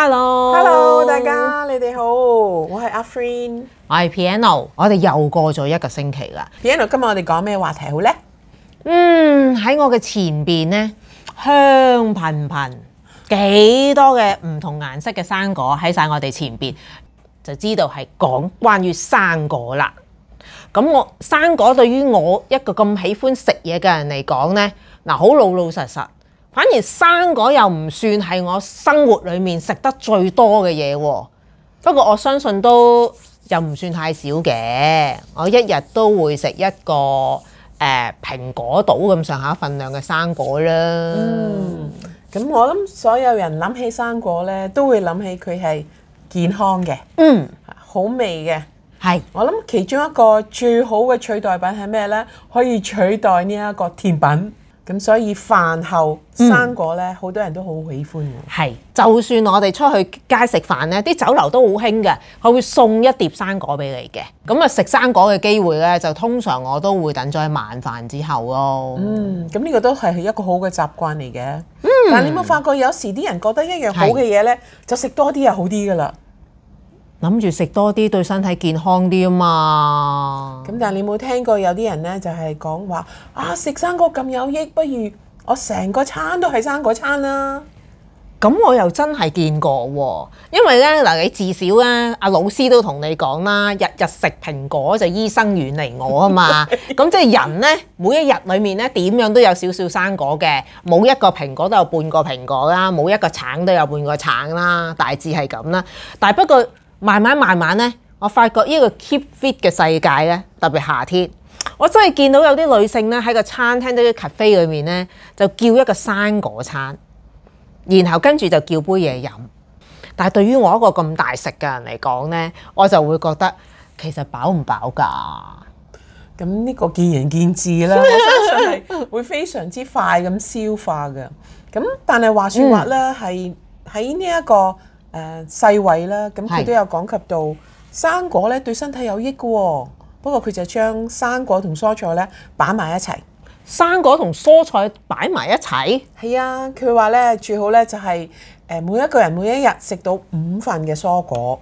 Hello，Hello 大家你哋好，我係阿 Free，我係 Piano，我哋又過咗一個星期啦。Piano，今日我哋講咩話題好呢？嗯，喺我嘅前邊呢，香噴噴，幾多嘅唔同顏色嘅生果喺晒我哋前邊，就知道係講關於生果啦。咁我生果對於我一個咁喜歡食嘢嘅人嚟講呢，嗱，好老老實實。反而生果又唔算係我生活裏面食得最多嘅嘢，不過我相信都又唔算太少嘅。我一日都會食一個誒蘋果度咁上下份量嘅生果啦。嗯，咁我諗所有人諗起生果咧，都會諗起佢係健康嘅，嗯，好味嘅，係。我諗其中一個最好嘅取代品係咩咧？可以取代呢一個甜品。咁所以飯後生果咧，嗯，好多人都好喜歡嘅。係，就算我哋出去街食飯咧，啲酒樓都好興嘅，佢會送一碟生果俾你嘅。咁啊，食生果嘅機會咧，就通常我都會等咗喺晚飯之後咯。嗯，咁呢個都係一個好嘅習慣嚟嘅。嗯，但你有冇發覺有時啲人覺得一樣好嘅嘢咧，係，就食多啲又好啲㗎啦。諗住食多啲對身體健康啲啊嘛！咁但係你有冇聽過有啲人呢，就係講話啊食生果咁有益，不如我成個餐都係生果餐啦！咁我又真係見過喎、啊，因為呢，嗱，你至少呢，阿老師都同你講啦，日日食蘋果就醫生遠離我啊嘛！咁 即係人呢，每一日裏面呢，點樣都有少少生果嘅，冇一個蘋果都有半個蘋果啦，冇一個橙都有半個橙啦，大致係咁啦。但係不過。慢慢慢慢咧，我發覺呢個 keep fit 嘅世界咧，特別夏天，我真係見到有啲女性咧，喺個餐廳、啲 cafe 裏面咧，就叫一個生果餐，然後跟住就叫杯嘢飲。但係對於我一個咁大食嘅人嚟講咧，我就會覺得其實飽唔飽㗎？咁呢個見仁見智啦。我相信係會非常之快咁消化嘅。咁但係話説話咧，係喺呢一個。世衞啦，咁佢都有講及到生是果咧，對身體有益嘅喎。不過佢就將生果同蔬菜咧擺埋一齊。生果同蔬菜擺埋一齊？係啊，佢話咧最好咧就係誒每一個人每一日食到五份嘅蔬果。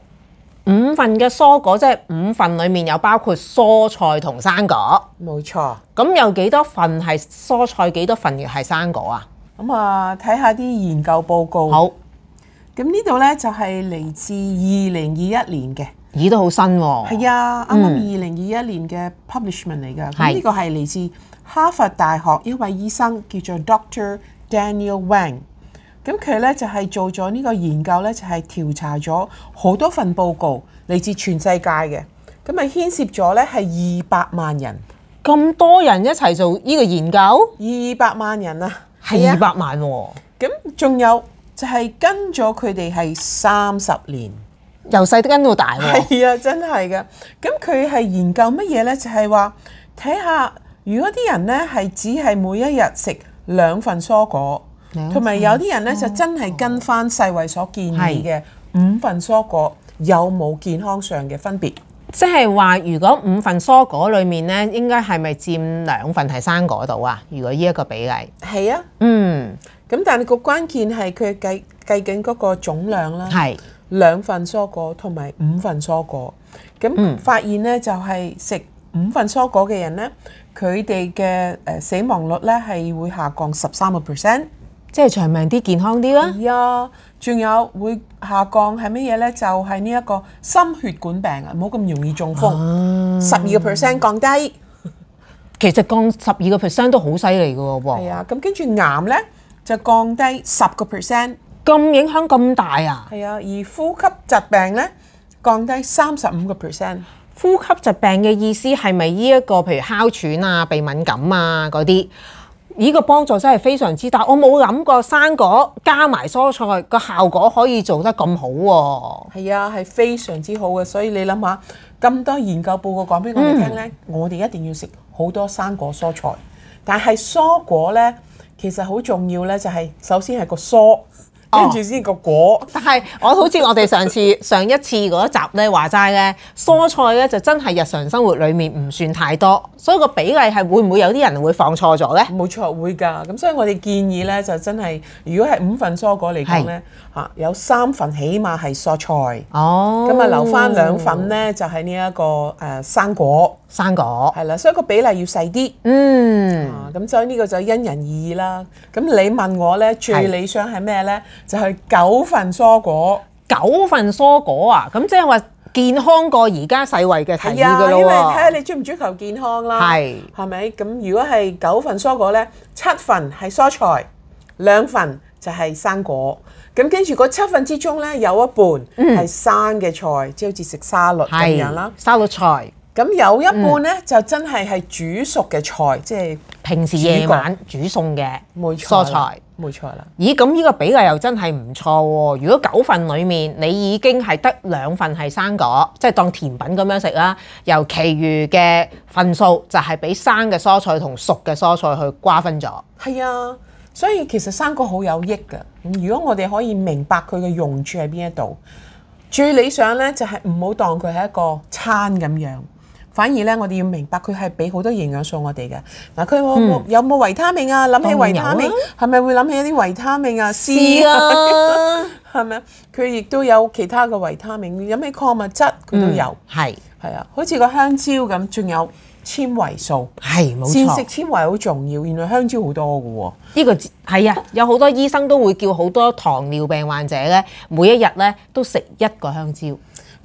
五份嘅蔬果即係五份，裡面有包括蔬菜同生果。冇錯。咁有幾多份係蔬菜？幾多份係生果啊？咁啊，睇下啲研究報告。好。咁呢度呢，就係嚟自二零二一年嘅，咦都好新喎，哦。係啊，啱啱二零二一年嘅 publishment 嚟噶。咁呢個係嚟自哈佛大學一位醫生叫做 Dr. Daniel Wang。咁佢呢，就係做咗呢個研究呢就係、是、調查咗好多份報告嚟自全世界嘅。咁啊牽涉咗呢係二百萬人，咁多人一齊做呢個研究，二百萬人啊，係二百萬喎，哦。咁仲有？就係跟咗佢哋係三十年，由細都跟到大喎、啊。係啊，真係噶。咁佢係研究乜嘢呢？就係話睇下，如果啲人呢係只係每一日食兩份蔬果，同埋有啲人呢就真係跟翻世衞所建議嘅係五份蔬果，有冇健康上嘅分別？嗯、即係話，如果五份蔬果裡面呢應該係咪佔兩份係生果度啊？如果呢一個比例，係啊，嗯。咁但係個關鍵係佢計計緊嗰個總量啦，係兩份蔬果同埋五份蔬果，咁發現咧就係食五份蔬果嘅人咧，佢哋嘅誒死亡率咧係會下降十三個 percent，即係長命啲、健康啲啦。係啊，仲有會下降係乜嘢咧？就係呢一個心血管病啊，冇咁容易中風，十二個 percent 降低。其實降十二個 percent 都好犀利㗎喎。係啊，咁跟住癌咧。就降低十個 percent，咁影響咁大啊！係啊，而呼吸疾病呢，降低三十五個 percent。呼吸疾病嘅意思係咪呢一個譬如哮喘啊、鼻敏感啊嗰啲？呢、呢個幫助真係非常之大。我冇諗過生果加埋蔬菜個效果可以做得咁好喎。係啊，係、啊、非常之好嘅。所以你諗下，咁多研究報告講俾我哋、嗯、聽呢，我哋一定要食好多生果蔬菜。但係蔬果呢。其實好重要咧，就係首先係個梳。跟住先個果，但係我好似我哋上次 上一次嗰一集咧話齋咧，蔬菜咧就真係日常生活裡面唔算太多，所以個比例係會唔會有啲人會放錯咗咧？冇錯，會㗎。咁所以我哋建議咧，就真係如果係五份蔬果嚟講咧，嚇是、啊、有三份起碼係蔬菜。哦，咁啊留返兩份咧，就係呢一個誒、呃、生果。生果係啦，所以個比例要細啲。嗯，咁所以呢個就因人而異啦。咁你問我咧，最理想係咩咧？就係九份蔬果，九份蔬果啊！咁即係話健康過而家世衞嘅提議噶咯喎。睇下你追唔追求健康啦。係，係咪？咁如果係九份蔬果咧，七份係蔬菜，兩份就係生果。咁跟住嗰七份之中咧，有一半係生嘅菜，即係好似食沙律咁樣啦。沙律菜。咁有一半咧就真係係煮熟嘅菜，即係平時夜晚煮餸嘅蔬菜。冇錯啦，咦？咁呢個比例又真係唔錯喎、啊。如果九份裡面你已經係得兩份係生果，即係當甜品咁樣食啦，由其餘嘅份數就係俾生嘅蔬菜同熟嘅蔬菜去瓜分咗。係啊，所以其實生果好有益㗎。如果我哋可以明白佢嘅用處喺邊一度，最理想呢就係唔好當佢係一個餐咁樣。反而咧，我哋要明白佢係俾好多營養素我哋嘅。嗱，佢有冇維他命啊？諗起維他命，係咪、啊、會諗起一啲維他命啊？C 啊，係咪啊？佢亦都有其他嘅維他命，諗起礦物質佢都有。係、嗯，係啊，好似個香蕉咁，仲有纖維素。係，冇錯。膳食纖維好重要，原來香蕉好多嘅喎。呢、這個係啊，有好多醫生都會叫好多糖尿病患者咧，每一日咧都食一個香蕉。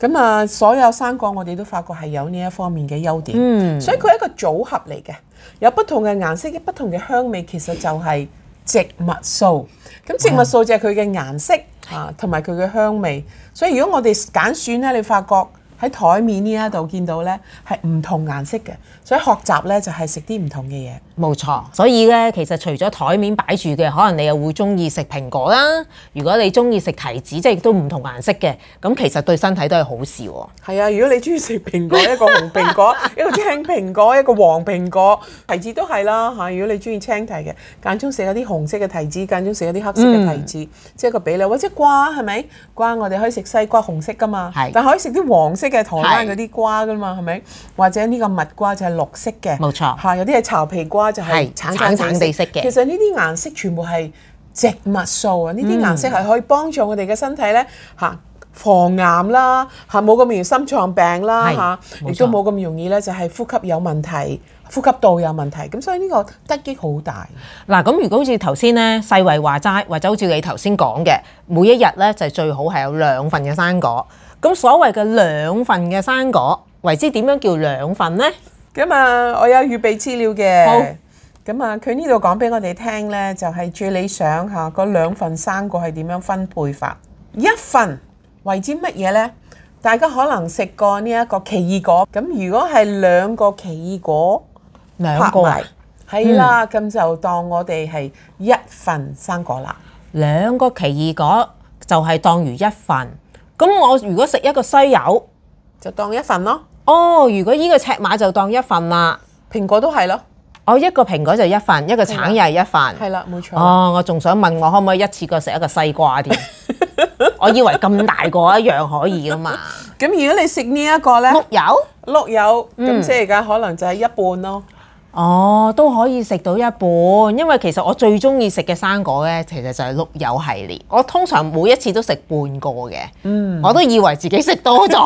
咁啊，所有生果我哋都發覺係有呢一方面嘅優點，嗯、所以佢係一個組合嚟嘅，有不同嘅顏色，不同嘅香味，其實就係植物素。咁植物素就係佢嘅顏色、嗯、啊，同埋佢嘅香味。所以如果我哋揀選咧，你發覺喺台面呢一度見到咧係唔同顏色嘅，所以學習咧就係食啲唔同嘅嘢。冇錯，所以咧其實除咗台面擺住嘅，可能你又會中意食蘋果啦。如果你中意食提子，即係都唔同顏色嘅，咁其實對身體都係好事喎。係啊，如果你中意食蘋果，一個紅蘋果，一個青蘋果，一個黃蘋果，提子都係啦嚇。如果你中意青提嘅，間中食嗰啲紅色嘅提子，間中食嗰啲黑色嘅提子，即係個比例。或者瓜係咪瓜？我哋可以食西瓜紅色㗎嘛？係，但可以食啲黃色嘅台灣嗰啲瓜㗎嘛？係咪？或者呢個蜜瓜就係綠色嘅。冇錯嚇，有啲係炒皮瓜。就係橙色色橙哋色嘅，其實呢啲顏色全部係植物素啊！呢啲、嗯、顏色係可以幫助我哋嘅身體咧嚇防癌啦嚇，冇咁容易心臟病啦嚇，亦都冇咁容易咧就係呼吸有問題、呼吸道有問題，咁所以呢個得益好大。嗱咁、嗯、如果好似頭先咧世衛話齋，或者好似你頭先講嘅，每一日咧就最好係有兩份嘅生果。咁所謂嘅兩份嘅生果，為之點樣叫兩份咧？咁啊，我有預備資料嘅。咁啊，佢呢度講俾我哋聽呢，就係最理想下嗰兩份生果係點樣分配法？一份為之乜嘢呢？大家可能食過呢一個奇異果。咁如果係兩個奇異果，兩個係啦，咁就當我哋係一份生果啦。兩個奇異果就係當於一份。咁我如果食一個西柚，就當一份咯。哦，如果呢個尺碼就當一份啦。蘋果都係咯，哦一個蘋果就一份，一個橙又係一份。係啦，冇錯。哦，我仲想問我可唔可以一次過食一個西瓜添？ 我以為咁大一個一樣可以噶嘛。咁 如果你食呢一個咧，碌柚油，碌柚，咁即係而家可能就係一半咯。嗯哦，都可以食到一半，因為其實我最中意食嘅生果呢，其實就係碌柚系列。我通常每一次都食半個嘅，我都以為自己食多咗，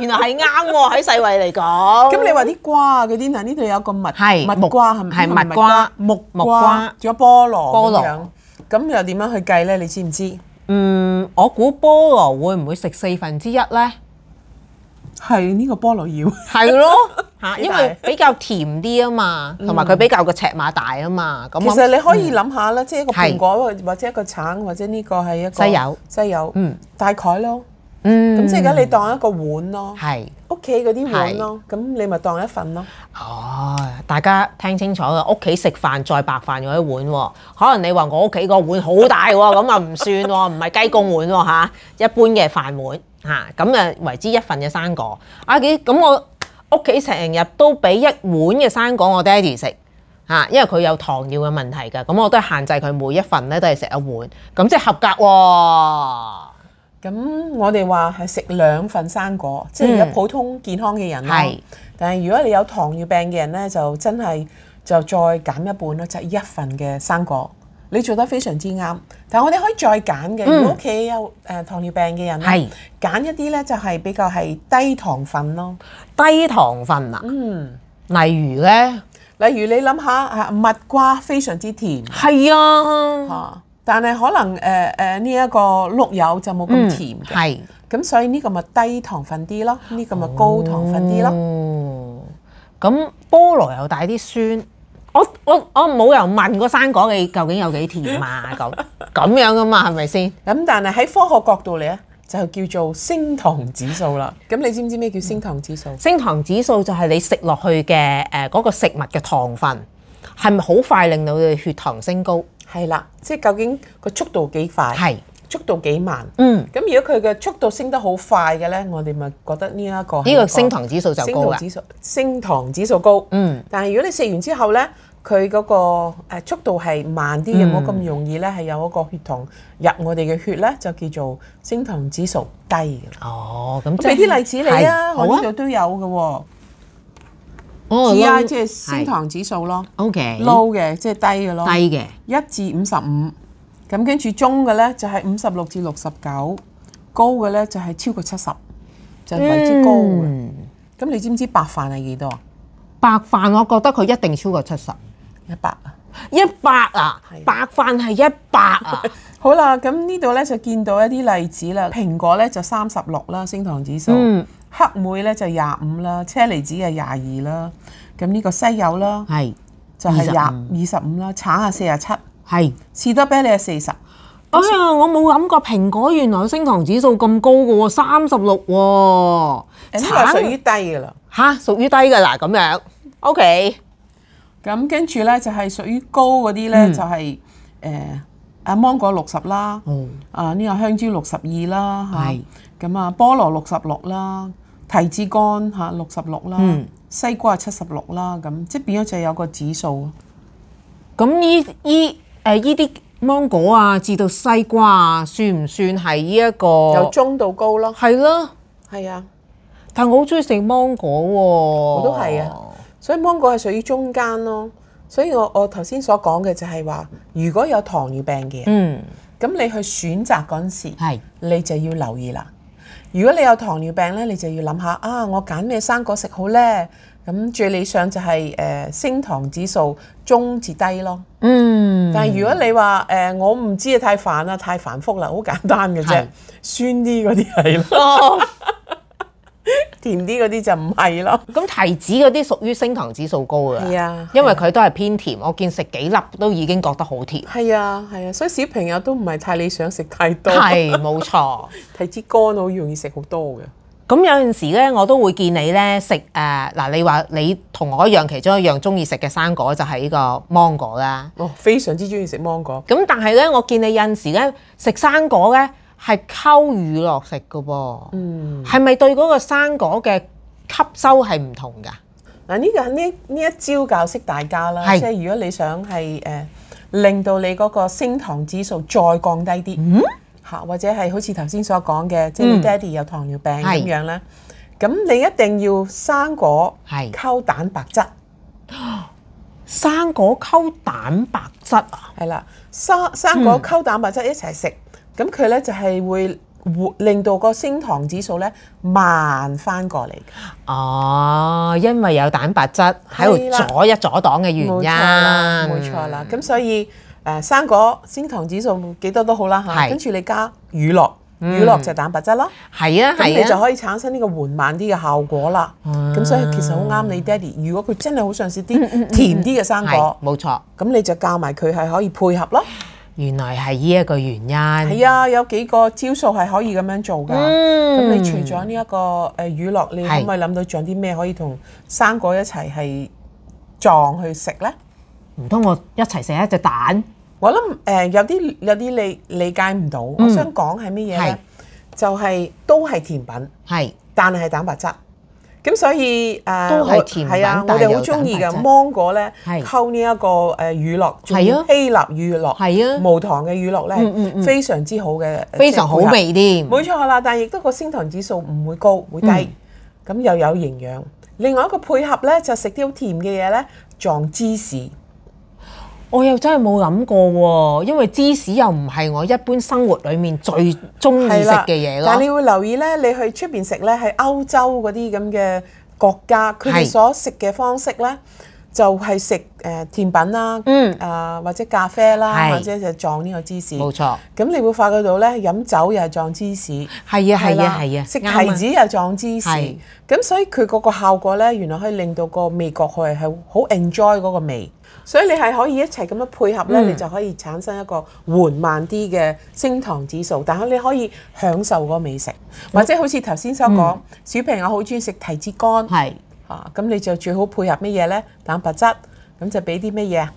原來係啱喎。喺世衛嚟講，咁你話啲瓜嗰啲，嗱，呢度有個蜜蜜木瓜係咪？係蜜瓜、木木瓜，仲有菠蘿。菠蘿咁又點樣去計呢？你知唔知？嗯，我估菠蘿會唔會食四分之一呢？係呢個菠蘿腰，係咯吓，因為比較甜啲啊嘛，同埋佢比較個尺碼大啊嘛。咁其實你可以諗下啦，嗯、即係一個蘋果或者一個橙，或者呢個係一個西柚油，西柚，嗯，大概咯，嗯，咁即係而家你當一個碗咯，係屋企嗰啲碗咯，咁是你咪當一份咯。哦，大家聽清楚啦，屋企食飯再白飯一碗，可能你話我屋企個碗好大，咁啊唔算，唔係雞公碗吓，啊，一般嘅飯碗。嚇，咁誒，為之一份嘅生果。阿幾，咁我屋企成日都俾一碗嘅生果我爹哋食嚇，因為佢有糖尿嘅問題㗎，咁我都係限制佢每一份咧都係食一碗，咁即係合格喎。咁我哋話係食兩份生果，即係如果普通健康嘅人，但係如果你有糖尿病嘅人咧，就真係就再減一半咯，就係一份嘅生果。你做得非常之啱，但係我哋可以再揀嘅。嗯、如果屋企有誒糖尿病嘅人，揀係一啲咧就係比較係低糖分咯。低糖分啊，嗯，例如咧，例如你諗下，誒，蜜瓜非常之甜，係啊，嗯、但係可能誒誒呢一個碌柚就冇咁甜，係、嗯，咁所以呢個咪低糖分啲咯，呢、這個咪高糖分啲咯。咁、哦、菠蘿又帶啲酸。我我我冇人問過生果你究竟有幾甜嘛？咁咁樣噶嘛，係咪先？咁但係喺科學角度嚟咧，就叫做升糖指數啦。咁你知唔知咩叫升糖指數？升糖指數就係你食落去嘅誒嗰個食物嘅糖分係咪好快令到你嘅血糖升高？係啦，即係究竟個速度幾快？係。速度幾慢，嗯，咁如果佢嘅速度升得好快嘅咧，我哋咪覺得呢一個呢個升糖指數就高啦，指數升糖指數高，嗯，但係如果你食完之後咧，佢嗰個誒速度係慢啲嘅，冇咁容易咧，係有一個血糖入我哋嘅血咧，就叫做升糖指數低嘅。哦，咁俾啲例子嚟啊，我呢度都有㗎喎。哦，即係升糖指數咯，OK，low 嘅即係低嘅咯，低嘅一至五十五。咁跟住中嘅咧就係五十六至六十九，高嘅咧就係、是、超過七十，就為之高。咁你知唔知白飯係幾多？白飯我覺得佢一定超過七十，一百啊！一百的啊！白飯係一百啊，好啦，咁呢度咧就見到一啲例子啦。蘋果咧就三十六啦，升糖指數；嗯、黑莓咧就廿五啦，車厘子係廿二啦。咁呢個西柚啦，係是就係廿二十五啦，橙啊四十七。係士多啤梨四十。是40，哎呀，我冇諗過蘋果原來升糖指數咁高噶喎，三十六喎，屬於橙低噶啦。吓、嗯，屬於低噶啦咁樣。O K，咁跟住咧就係屬於高嗰啲咧，就係誒啊芒果六十啦。是啊呢個香蕉六十二啦。係。咁啊菠蘿六十六啦，提子乾吓六十六啦，嗯、西瓜七十六啦，咁即係變咗就有個指數。咁呢、嗯？呢？誒呢啲芒果啊，至到西瓜啊，算唔算係呢一個？由中到高咯。係咯啦。係啊。但我好中意食芒果喎、啊。我都係啊。所以芒果係屬於中間咯。所以我我頭先所講嘅就係話，如果有糖尿病嘅，嗯，咁你去選擇嗰陣時，是你就要留意啦。如果你有糖尿病咧，你就要諗下啊，我揀咩生果食好咧？咁最理想就係、是、誒、呃、升糖指數中至低咯。嗯，但係如果你話誒、呃、我唔知啊，太煩啦，太繁複啦，好簡單嘅啫，是酸啲嗰啲係咯，哦、 甜啲嗰啲就唔係咯。咁 提子嗰啲屬於升糖指數高嘅，係啊，啊因為佢都係偏甜，我見食幾粒都已經覺得好甜。係啊，係啊，啊，所以小朋友都唔係太理想食太多。係冇錯，錯 提子乾好容易食好多嘅。咁有陣時咧，我都會見你咧食誒嗱，你話你同我一樣，其中一樣中意食嘅生果就係呢個芒果啦。哦，非常之中意食芒果。咁但係咧，我見你有陣時咧食生果咧係溝乳酪落食嘅噃。嗯。係咪對嗰個生果嘅吸收係唔同㗎？嗱、嗯，呢個呢呢一招教識大家啦。係。即係如果你想係誒、呃、令到你嗰個升糖指數再降低啲。嗯。嚇，或者係好似頭先所講嘅，即係你 daddy 有糖尿病咁樣咧，咁你一定要生果溝蛋白質，生果溝蛋白質啊，係啦，生生果溝蛋白質一齊食，咁佢咧就係會令到個升糖指數咧慢翻過嚟。哦，因為有蛋白質喺度阻一阻擋嘅原因啦，冇錯啦，咁所以。誒、呃、生果升糖指數幾多都好啦嚇，是跟住你加乳酪，嗯、乳酪就蛋白質咯，係啊，咁、啊、你就可以產生呢個緩慢啲嘅效果啦。咁、嗯、所以其實好啱你，Daddy，如果佢真係好想食啲甜啲嘅生果，冇錯、嗯，咁、嗯嗯、你就教埋佢係可以配合咯。原來係呢一個原因，係啊，有幾個招數係可以咁樣做噶。咁、嗯、你除咗呢一個誒、呃、乳酪，你可唔可以諗到仲有啲咩可以同生果一齊係撞去食咧？唔通我一齊食一隻蛋？我諗誒有啲有啲理理解唔到。我想講係乜嘢咧？就係都係甜品，係但係蛋白質。咁所以誒都係甜品，係啊，我哋好中意嘅芒果咧，溝呢一個誒乳酪，係啊希臘乳酪，係啊無糖嘅乳酪咧，非常之好嘅，非常好味啲。冇錯啦，但係亦都個升糖指數唔會高，會低。咁又有營養。另外一個配合咧，就食啲好甜嘅嘢咧，撞芝士。我又真係冇諗過喎，因為芝士又唔係我一般生活裡面最中意食嘅嘢咯。但係你會留意呢，你去出邊食呢，喺歐洲嗰啲咁嘅國家，佢哋所食嘅方式呢，就係食誒甜品啦，嗯啊或者咖啡啦，或者就撞呢個芝士，冇錯。咁你會發覺到呢，飲酒又係撞芝士，係啊係啊係啊，食提子又撞芝士。咁所以佢嗰個效果呢，原來可以令到個味覺係係好 enjoy 嗰個味。所以你係可以一齊咁樣配合咧，嗯、你就可以產生一個緩慢啲嘅升糖指數，但係你可以享受個美食，嗯、或者好似頭先所講，嗯、小朋友好中意食提子乾，係是啊，咁你就最好配合乜嘢咧？蛋白質，咁就俾啲乜嘢啊？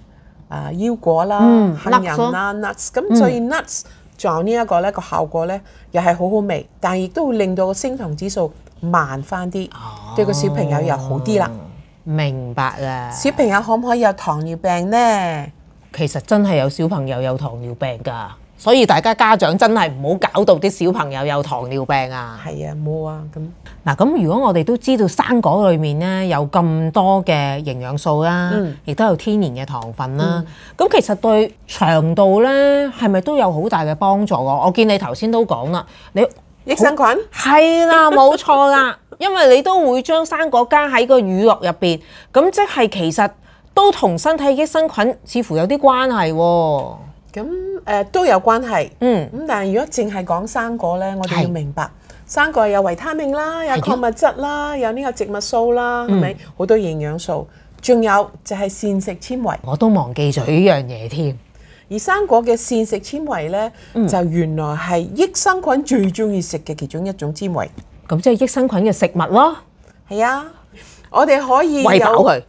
啊，腰果啦、杏仁啦、nuts，咁最 nuts 仲有呢一個咧，個效果咧又係好好味，但係亦都會令到個升糖指數慢返啲，嗯、對個小朋友又好啲啦。嗯啊明白啦。小朋友可唔可以有糖尿病呢？其實真係有小朋友有糖尿病㗎，所以大家家長真係唔好搞到啲小朋友有糖尿病啊。係啊，冇啊，咁。嗱，咁如果我哋都知道生果裏面呢，有咁多嘅營養素啦，亦都有天然嘅糖分啦，咁、嗯、其實對腸道呢，係咪都有好大嘅幫助？我我見你頭先都講啦，你益生菌係啦，冇錯啦。 因為你都會將生果加喺個乳酪入邊，咁即係其實都同身體益生菌似乎有啲關係，哦。咁誒、呃、都有關係，嗯。咁但係如果淨係講生果咧，我哋要明白，生是果有維他命啦，有礦物質啦，的有呢個植物素啦，係咪？好、嗯、多營養素，仲有就係膳食纖維。我都忘記咗呢樣嘢添。而生果嘅膳食纖維咧，嗯、就原來係益生菌最中意食嘅其中一種纖維。咁即係益生菌嘅食物咯，係啊，我哋可以有，喂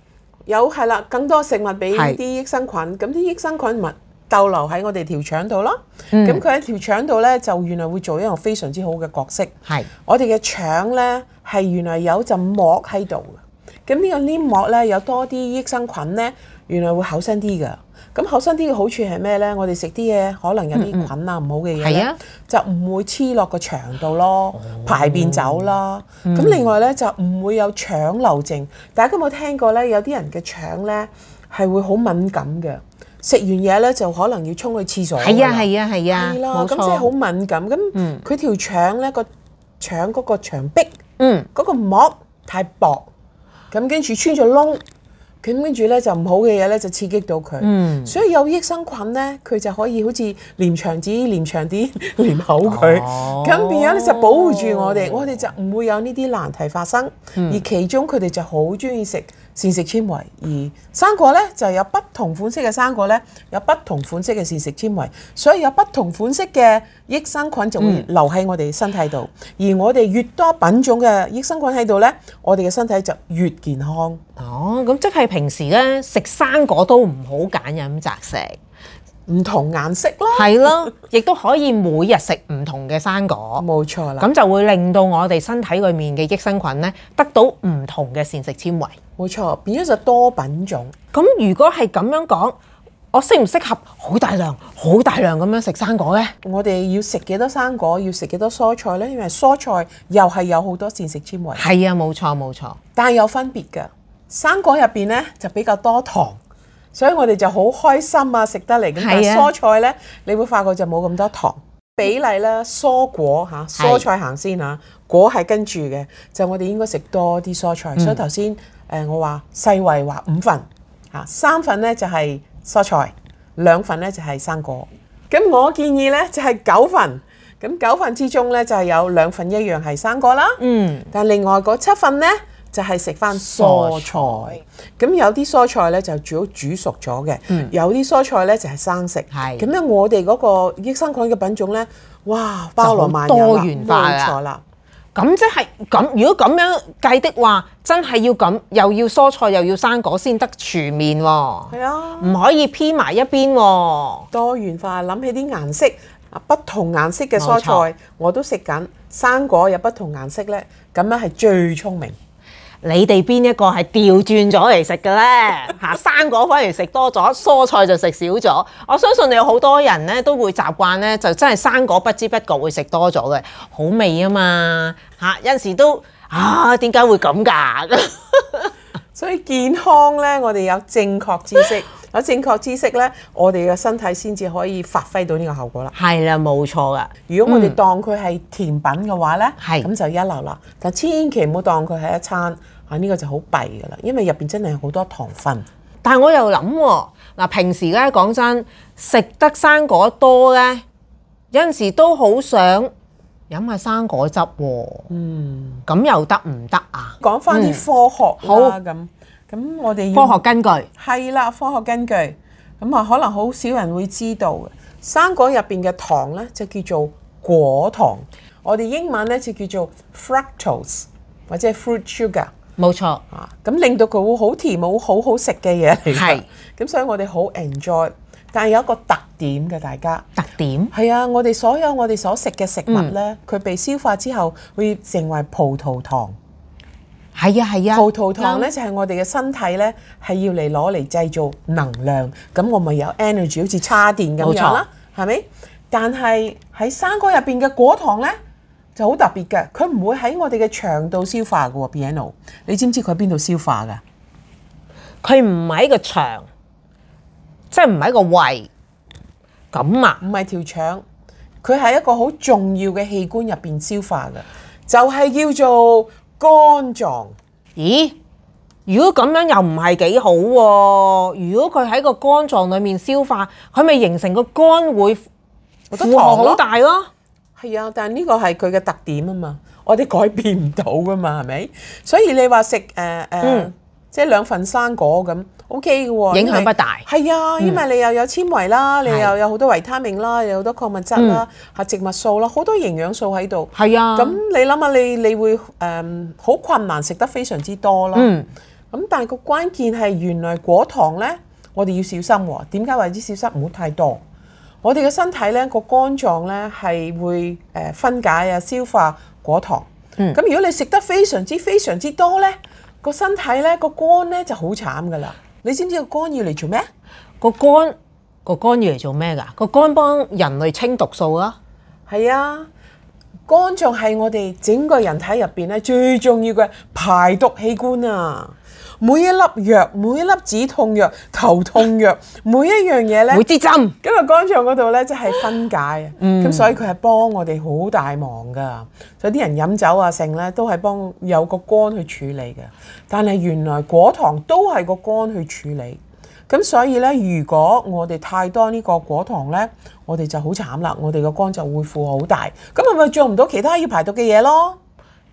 有係啦、啊，更多食物俾啲益生菌，咁啲是益生菌咪逗留喺我哋條腸度咯。咁佢喺條腸度咧，就原來會做一個非常之好嘅角色。係是我哋嘅腸咧，係原來有陣膜喺度嘅。咁呢個黏膜咧，有多啲益生菌咧，原來會厚身啲㗎。咁後生啲嘅好處係咩咧？我哋食啲嘢可能有啲菌啊唔好嘅嘢，係啊，就唔會黐落個腸度咯，排便走啦。咁另外咧就唔會有腸漏症。大家有冇聽過咧？有啲人嘅腸咧係會好敏感嘅，食完嘢咧就可能要衝去廁所。係啊係啊係啊，咁即係好敏感。咁佢條腸咧個腸嗰個牆壁，嗯，嗰個膜太薄，咁跟住穿咗窿。佢跟住咧就唔好嘅嘢咧就刺激到佢，嗯、所以有益生菌咧佢就可以好似黏腸子、黏腸啲、黏口佢，咁變咗、哦，咧就保護住我哋，哦、我哋就唔會有呢啲難題發生。嗯、而其中佢哋就好中意食。膳食纖維，而生果呢就係有不同款式嘅生果呢，有不同款式嘅膳食纖維，所以有不同款式嘅益生菌就會留喺我哋身體度。而我哋越多品種嘅益生菌喺度呢，我哋嘅身體就越健康。哦，咁即係平時呢食生果都唔好揀飲擇食，唔同顏色咯，係咯，亦都可以每日食唔同嘅生果，冇錯啦。咁就會令到我哋身體裏面嘅益生菌呢得到唔同嘅膳食纖維。冇錯，變咗就多品種。咁如果係咁樣講，我適唔適合好大量、好大量咁樣食生果呢？我哋要食幾多生果？要食幾多蔬菜呢？因為蔬菜又係有好多膳食纖維。係啊，冇錯冇錯。錯，但係有分別㗎。生果入邊呢，就比較多糖，所以我哋就好開心啊食得嚟。嘅、啊、蔬菜呢，你會發覺就冇咁多糖比例啦。嗯、蔬果嚇，蔬菜行先嚇，是果係跟住嘅，就我哋應該食多啲蔬菜。嗯、所以頭先。誒我話世衛話五份嚇，三份咧就係蔬菜，兩份咧就係生果。咁我建議咧就係九份，咁九份之中咧就係有兩份一樣係生果啦。嗯，但係另外嗰七份咧就係食翻蔬菜。咁有啲蔬菜咧就煮煮熟咗嘅，有啲蔬菜咧就係生食。係。咁咧我哋嗰個益生菌嘅品種咧，哇包羅萬有啦，冇錯啦。咁即係咁，如果咁樣計的話，真係要咁，又要蔬菜又要生果先得全面喎。係啊，唔可以偏埋一邊喎。多元化，諗起啲顏色，不同顏色嘅蔬菜，冇錯。我都食緊，生果有不同顏色呢，咁樣係最聰明。你哋邊一個係調轉咗嚟食嘅咧？嚇、啊，生果反而食多咗，蔬菜就食少咗。我相信你有好多人咧都會習慣咧，就真係生果不知不覺會食多咗嘅，好味啊嘛！嚇、啊，有時都啊，點解會咁㗎？ 所以健康咧，我哋有正確知識。 有正確知識咧，我哋嘅身體先至可以發揮到呢個效果啦。係啦，冇錯噶。如果我哋當佢係甜品嘅話咧，係咁、嗯、就一流啦。就的千祈唔好當佢係一餐嚇，呢、啊呢個就好弊噶啦，因為入邊真係好多糖分。但係我又諗嗱、哦，平時咧講真，食得生果多咧，有陣時都好想飲下生果汁喎、哦。嗯，咁又得唔得啊？講翻啲科學啦咁。嗯，好。咁我哋要科學根據係啦，科學根據咁啊，可能好少人會知道嘅。生果入邊嘅糖咧，就叫做果糖，我哋英文咧就叫做 fructose 或者 fruit sugar。冇錯啊，咁令到佢會好甜，好好好食嘅嘢嚟。係咁，所以我哋好 enjoy，但係有一個特點嘅大家。特點係啊，我哋所有我哋所食嘅食物咧，佢被消化之後會成為葡萄糖。係啊係啊，啊葡萄糖咧就係、是、我哋嘅身體咧係要嚟攞嚟製造能量，咁我咪有 energy 好似叉電咁樣啦，係咪，冇錯？但係喺生果入邊嘅果糖咧就好特別嘅，佢唔會喺我哋嘅腸度消化嘅，beano，你知唔知佢喺邊度消化嘅？佢唔喺個腸，即係唔喺個胃，咁啊，唔係條腸，佢喺一個好重要嘅器官入邊消化嘅，就係、是、叫做。肝臟？咦，如果咁樣又唔係幾好喎、啊。如果佢喺個肝臟裏面消化，佢咪形成個肝會覺得負荷好大咯。係啊，但係呢個係佢嘅特點啊嘛，我哋改變唔到噶嘛，係咪？所以你話食誒誒。呃呃嗯即係兩份生果咁，O K 嘅喎，影響不大。係啊為，嗯、因為你又有纖維啦，嗯、你又有好多維他命啦，的有好多礦物質啦，嚇、嗯、植物素啦，好多營養素喺度。係啊、嗯，咁你諗下，你你會誒好、嗯、困難食得非常之多咯。咁、嗯、但係個關鍵係原來果糖呢，我哋要小心喎。點解話要小心？唔好太多。我哋嘅身體呢，個肝臟呢，係會誒分解啊消化果糖。咁、嗯嗯、如果你食得非常之非常之多呢。個身體咧，個肝咧就好慘噶啦。你知唔知個肝要嚟做咩？個肝個肝要嚟做咩噶？個肝幫人類清毒素啊，係啊。肝臟係我哋整個人體入邊咧最重要嘅排毒器官啊。每一粒藥，每一粒止痛藥、頭痛藥，每一樣嘢咧，每支針，今日肝臟嗰度咧即係分解啊，咁、嗯、所以佢係幫我哋好大忙噶。所以啲人飲酒啊等等，剩咧都係幫有個肝去處理嘅。但係原來果糖都係個肝去處理，咁所以咧，如果我哋太多呢個果糖咧，我哋就好慘啦，我哋個肝就會負好大，咁係咪做唔到其他要排毒嘅嘢咯。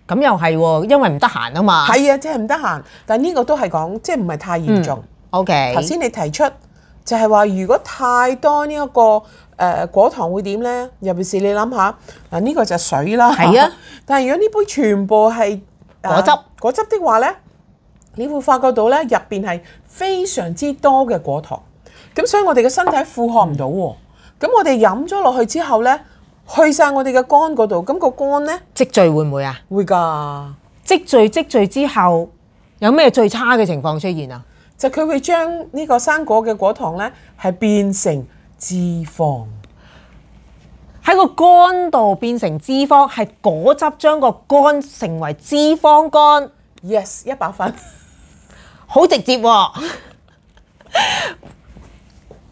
咁又係喎，因為唔得閒啊嘛。係啊，即係唔得閒。但呢個都係講，即係唔係太嚴重。O K，頭先你提出就係、是、話，如果太多呢、這、一個誒、呃、果糖會點咧？尤其是你諗下，嗱、這、呢個就係水啦。係啊， 但係如果呢杯全部係、呃、果汁果汁的話咧，你會發覺到咧入邊係非常之多嘅果糖。咁所以我哋嘅身體負荷唔到喎。咁、嗯、我哋飲咗落去之後咧。去晒我哋嘅肝嗰度，咁、個肝呢，積聚會唔會啊？會噶的，積聚積聚之後有咩最差嘅情況出現啊？就佢會將呢個生果嘅果糖呢，係變成脂肪，喺個肝度變成脂肪，係果汁將個肝成為脂肪肝。Yes，一百分，好 直接、啊。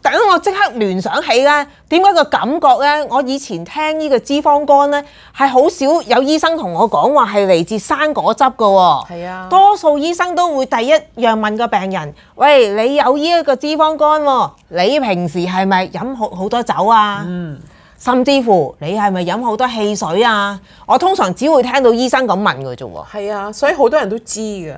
等我即刻聯想起咧，點解個感覺咧？我以前聽呢個脂肪肝咧，係好少有醫生同我講話係嚟自生果汁噶喎。係啊，多數醫生都會第一樣問個病人：喂，你有呢一個脂肪肝，你平時係咪飲好好多酒啊？嗯，甚至乎你係咪飲好多汽水啊？我通常只會聽到醫生咁問嘅啫喎。係啊，所以好多人都知嘅。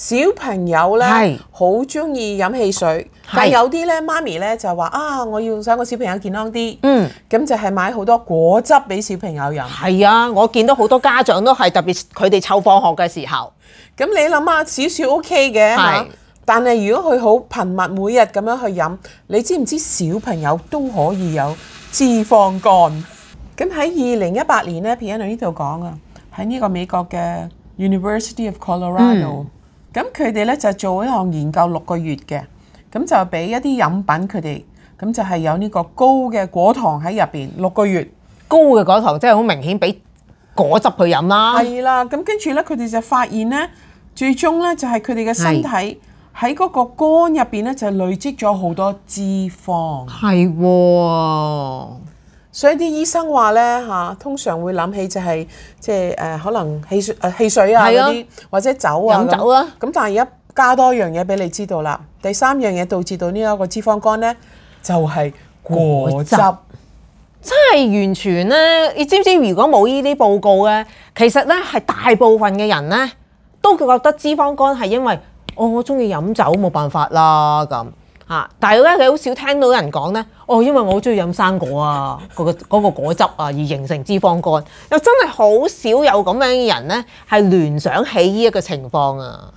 小朋友咧，好中意飲汽水，是但係有啲咧，媽咪咧就話啊，我要想個小朋友健康啲，咁、嗯、就係買好多果汁俾小朋友飲。係啊，我見到好多家長都係特別佢哋湊放學嘅時候。咁你諗下，少少 OK 嘅，但係如果佢好頻密每日咁樣去飲，你知唔知小朋友都可以有脂肪肝？咁喺二零一八年咧，皮恩喺呢度講啊，喺呢個美國嘅 University of Colorado、嗯。咁佢哋咧就做呢項研究六個月嘅，咁就俾一啲飲品佢哋，咁就係有呢個高嘅果糖喺入邊，六個月高嘅果糖，真係好明顯畀果汁去飲啦，啊。係啦，咁跟住咧，佢哋就發現咧，最終咧就係佢哋嘅身體喺嗰個肝入邊咧就累積咗好多脂肪。係喎。所以啲醫生話咧嚇，通常會諗起就係即係誒，可能汽水、誒、啊、汽水啊啲的，或者酒啊飲酒啦、啊。咁但係而家加多一樣嘢俾你知道啦，第三樣嘢導致到呢一個脂肪肝咧，就係、是、果，果汁。真係完全咧、啊！你知唔知？如果冇呢啲報告嘅、啊，其實咧係大部分嘅人咧，都覺得脂肪肝係因為、哦、我我中意飲酒，冇辦法啦咁。嚇！但係咧，你好少聽到人講呢：「哦，因為我好中意飲生果啊，嗰個嗰個果汁啊，而形成脂肪肝，又真係好少有咁樣嘅人呢，係聯想起呢一個情況啊！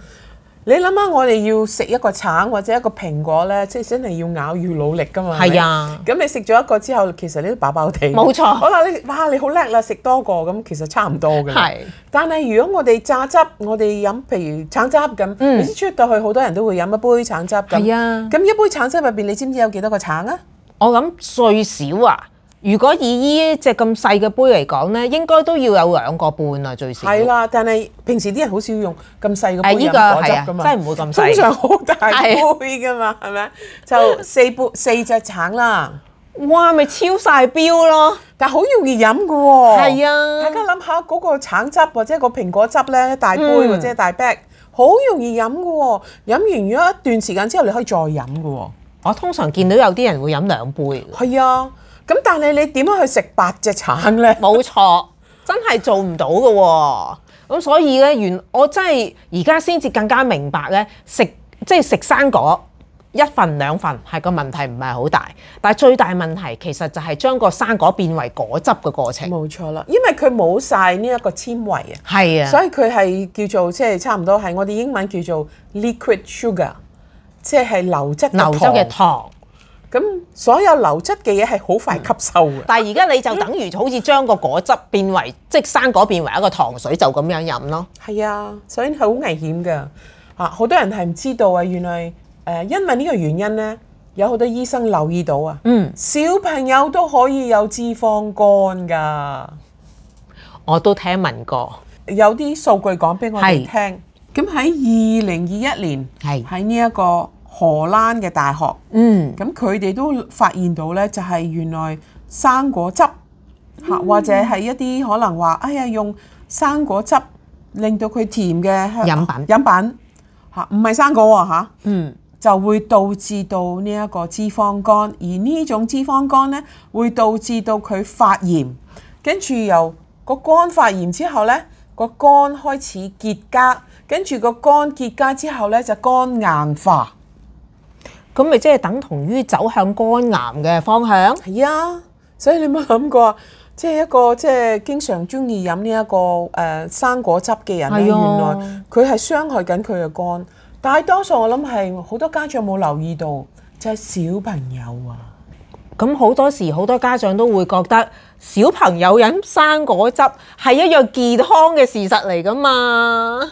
你諗下，我哋要食一個橙或者一個蘋果咧，即係真係要咬要努力噶嘛係啊。咁你食咗一個之後，其實你都飽飽地。冇錯錯。好啦，哦、你，哇！你好叻啦，食多個咁，其實差唔多嘅。係是。但係如果我哋榨汁，我哋飲，譬如橙汁咁，你先，嗯、出到去好多人都會飲一杯橙汁。係啊。咁一杯橙汁入邊，你知唔知有幾多個橙啊？我諗最少啊。如果以依隻咁細嘅杯嚟講呢，應該都要有兩個半啊，最少。係啦，但係平時啲人好少用咁細嘅杯飲果汁㗎嘛，真係唔會咁細。通常好大杯㗎嘛，係咪？就四杯四隻橙啦，哇，咪超晒標咯！但係好容易飲㗎喎。係啊，大家諗下嗰個橙汁或者個蘋果汁咧，大杯或者大杯，好容易飲㗎喎。飲完咗一段時間之後，你可以再飲㗎喎。我通常見到有啲人會飲兩杯。係啊。咁但係你點樣去食八隻橙呢？冇錯，真係做唔到嘅喎。咁所以呢，原我真係而家先至更加明白呢，食即係食生果一份兩份係個問題唔係好大，但係最大問題其實就係將個生果變為果汁嘅過程。冇錯啦，因為佢冇晒呢一個纖維啊。係啊，所以佢係叫做即係差唔多係我哋英文叫做 liquid sugar，即係流質嘅糖。咁所有流質嘅嘢係好快吸收嘅，但係而家你就等於好似將個果汁變為即係生果變為一個糖水就咁樣飲咯。係啊，所以好危險噶嚇，好多人係唔知道啊。原來誒，因為呢個原因咧，有好多醫生留意到啊。嗯，小朋友都可以有脂肪肝噶，我都聽聞過。有啲數據講俾我哋聽。係。咁喺二零二一年係喺呢一個荷蘭嘅大學，咁佢哋都發現到呢，就係原來生果汁嚇，嗯、或者係一啲可能話，哎呀，用生果汁令到佢甜嘅飲品飲品嚇，唔係生果啊嚇，嗯，就會導致到呢一個脂肪肝，而呢種脂肪肝呢，會導致到佢發炎，跟住由個肝發炎之後呢，個肝開始結痂，跟住個肝結痂之後呢，就肝硬化。咁咪即係等同於走向肝癌嘅方向？係啊，所以你有冇諗過啊？即係一個即係經常中意飲呢一個誒生果汁嘅人咧，原來佢係傷害緊佢嘅肝。但係多數我諗係好多家長冇留意到，就係小朋友啊。咁好多時好多家長都會覺得小朋友飲生果汁係一樣健康嘅事實嚟㗎嘛。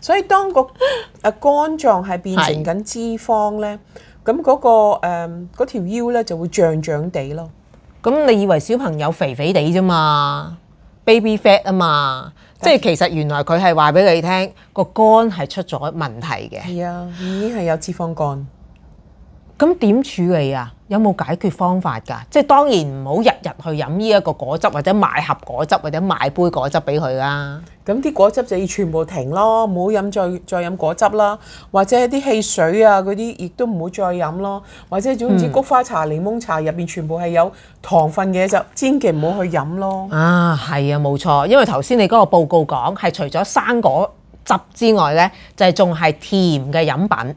所以當個肝臟係變成緊脂肪呢，咁嗰個誒嗰條腰呢就會脹脹地咯。咁你以為小朋友肥肥哋啫嘛？Baby fat 啊嘛，對即係其實原來佢係話俾你聽個肝係出咗問題嘅。係啊，已經係有脂肪肝。咁點處理啊？有冇解決方法㗎？即係當然唔好日日去飲呢一個果汁，或者買盒果汁，或者買杯果汁俾佢啦。咁啲果汁就要全部停咯，唔好飲再再飲果汁啦，或者啲汽水啊嗰啲亦都唔好再飲咯，或者總之，菊花茶、檸檬茶入面全部係有糖分嘅就，千祈唔好去飲咯。啊，係啊，冇錯，因為頭先你嗰個報告講係除咗生果汁之外呢，就係仲係甜嘅飲品。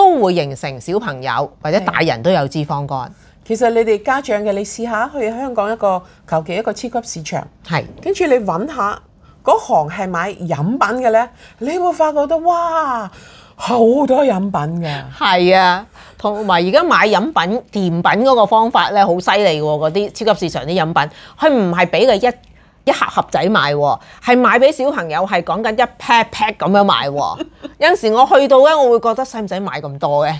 都會形成小朋友或者大人都有脂肪肝。其實你哋家長嘅，你試下去香港一個求其一個超級市場，係跟住你揾下嗰行係買飲品嘅呢，你會發覺得哇，好多飲品嘅。係啊，同埋而家買飲品甜品嗰個方法呢，好犀利嘅喎，嗰啲超級市場啲飲品，佢唔係俾佢一。一盒盒仔賣，係賣俾小朋友，係講緊一 pack pack 咁樣賣。有陣時我去到咧，我會覺得使唔使買咁多嘅？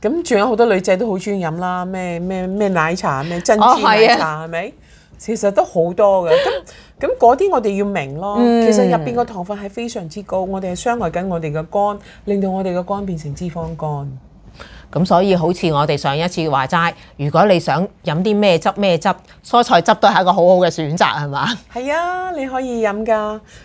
咁仲 有好多女仔都好中意飲啦，咩咩咩奶茶，咩珍珠奶茶係咪、哦啊？ 其實都好多嘅。咁咁嗰啲我哋要明咯。其實入邊個糖分係非常之高，嗯、我哋係傷害緊我哋嘅肝，令到我哋嘅肝變成脂肪肝。咁所以好似我哋上一次話齋，如果你想飲啲咩汁咩汁，蔬菜汁都係一個好好嘅選擇，係嘛？係啊，你可以飲㗎。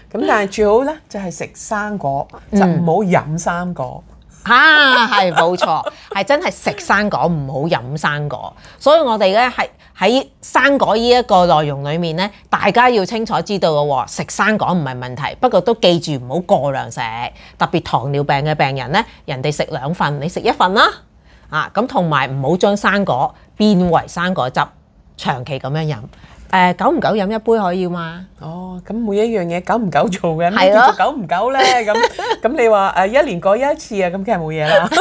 咁但係最好呢，就係食生果，嗯、就唔好飲生果。啊，係冇錯，係真係食生果唔好飲生果。所以我哋呢，係喺生果呢一個內容裡面呢，大家要清楚知道㗎喎，食生果唔係問題，不過都記住唔好過量食，特別糖尿病嘅病人呢，人哋食兩份，你食一份啦。啊，咁同埋唔好將生果變為生果汁，長期咁樣飲。誒、呃，久唔久飲一杯可以嘛？哦，咁每一樣嘢久唔久做嘅，咩的叫做久唔久咧？咁咁 你話誒一年過一次啊，咁梗係冇嘢啦。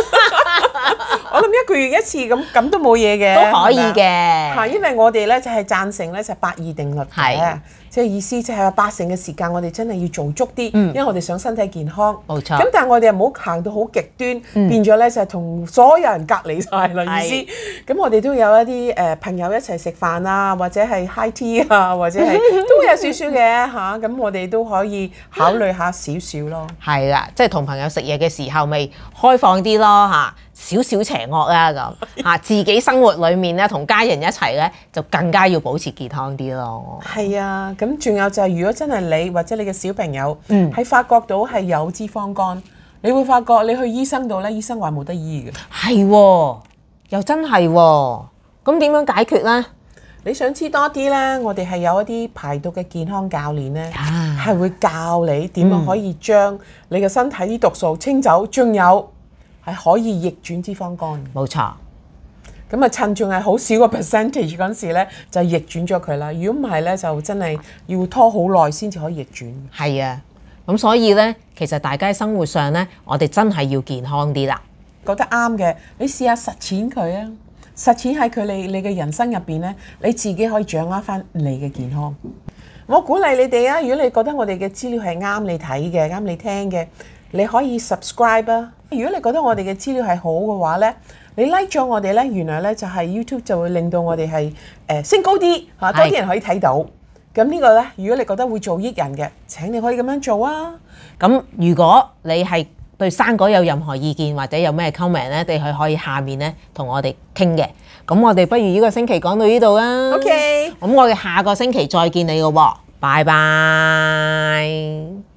我諗一個月一次咁，咁都冇嘢嘅。都可以嘅。嚇，因為我哋咧就係、是、贊成咧就係、是、八二定律嘅。即係意思，即係八成嘅時間，我哋真係要做足啲，因為我哋想身體健康。冇錯。咁但係我哋又唔好行到好極端，變咗咧就係同所有人隔離曬啦。意思咁，我哋都有一啲誒朋友一齊食飯啊，或者係 high tea 啊，或者係都會有少少嘅嚇。咁我哋都可以考慮下少少咯。係啦，即係同朋友食嘢嘅時候，咪開放啲咯嚇，少少邪惡啦咁嚇。自己生活裡面咧，同家人一齊咧，就更加要保持健康啲咯。係啊。咁仲有就係，如果真係你或者你嘅小朋友喺發覺到係有脂肪肝，你會發覺你去醫生度呢，醫生話冇得醫嘅，係喎，又真係喎。咁點樣解決呢？你想知多啲呢？我哋係有一啲排毒嘅健康教練呢，係會教你點樣可以將你嘅身體啲毒素清走，仲有係可以逆轉脂肪肝。冇錯。咁啊，趁仲係好少個 percentage 嗰陣時咧，就逆轉咗佢啦。如果唔係咧，就真係要拖好耐先至可以逆轉。係啊，咁所以咧，其實大家喺生活上咧，我哋真係要健康啲啦。覺得啱嘅，你試下實踐佢啊！實踐喺佢哋，你嘅人生入邊咧，你自己可以掌握翻你嘅健康。 我鼓勵你哋啊，如果你覺得我哋嘅資料係啱你睇嘅、啱你聽嘅，你可以 subscribe 啊。如果你覺得我哋嘅資料係好嘅話咧，你 like 咗我哋咧，原來咧就係 YouTube 就會令到我哋係誒升高啲，嚇多啲人可以睇到。咁是呢個咧，如果你覺得會做益人嘅，請你可以咁樣做啊。咁如果你係對生果有任何意見或者有咩 comment 咧，你係可以下面咧同我哋傾嘅。咁我哋不如呢個星期講到呢度啊。OK。咁我哋下個星期再見你個喎，拜拜。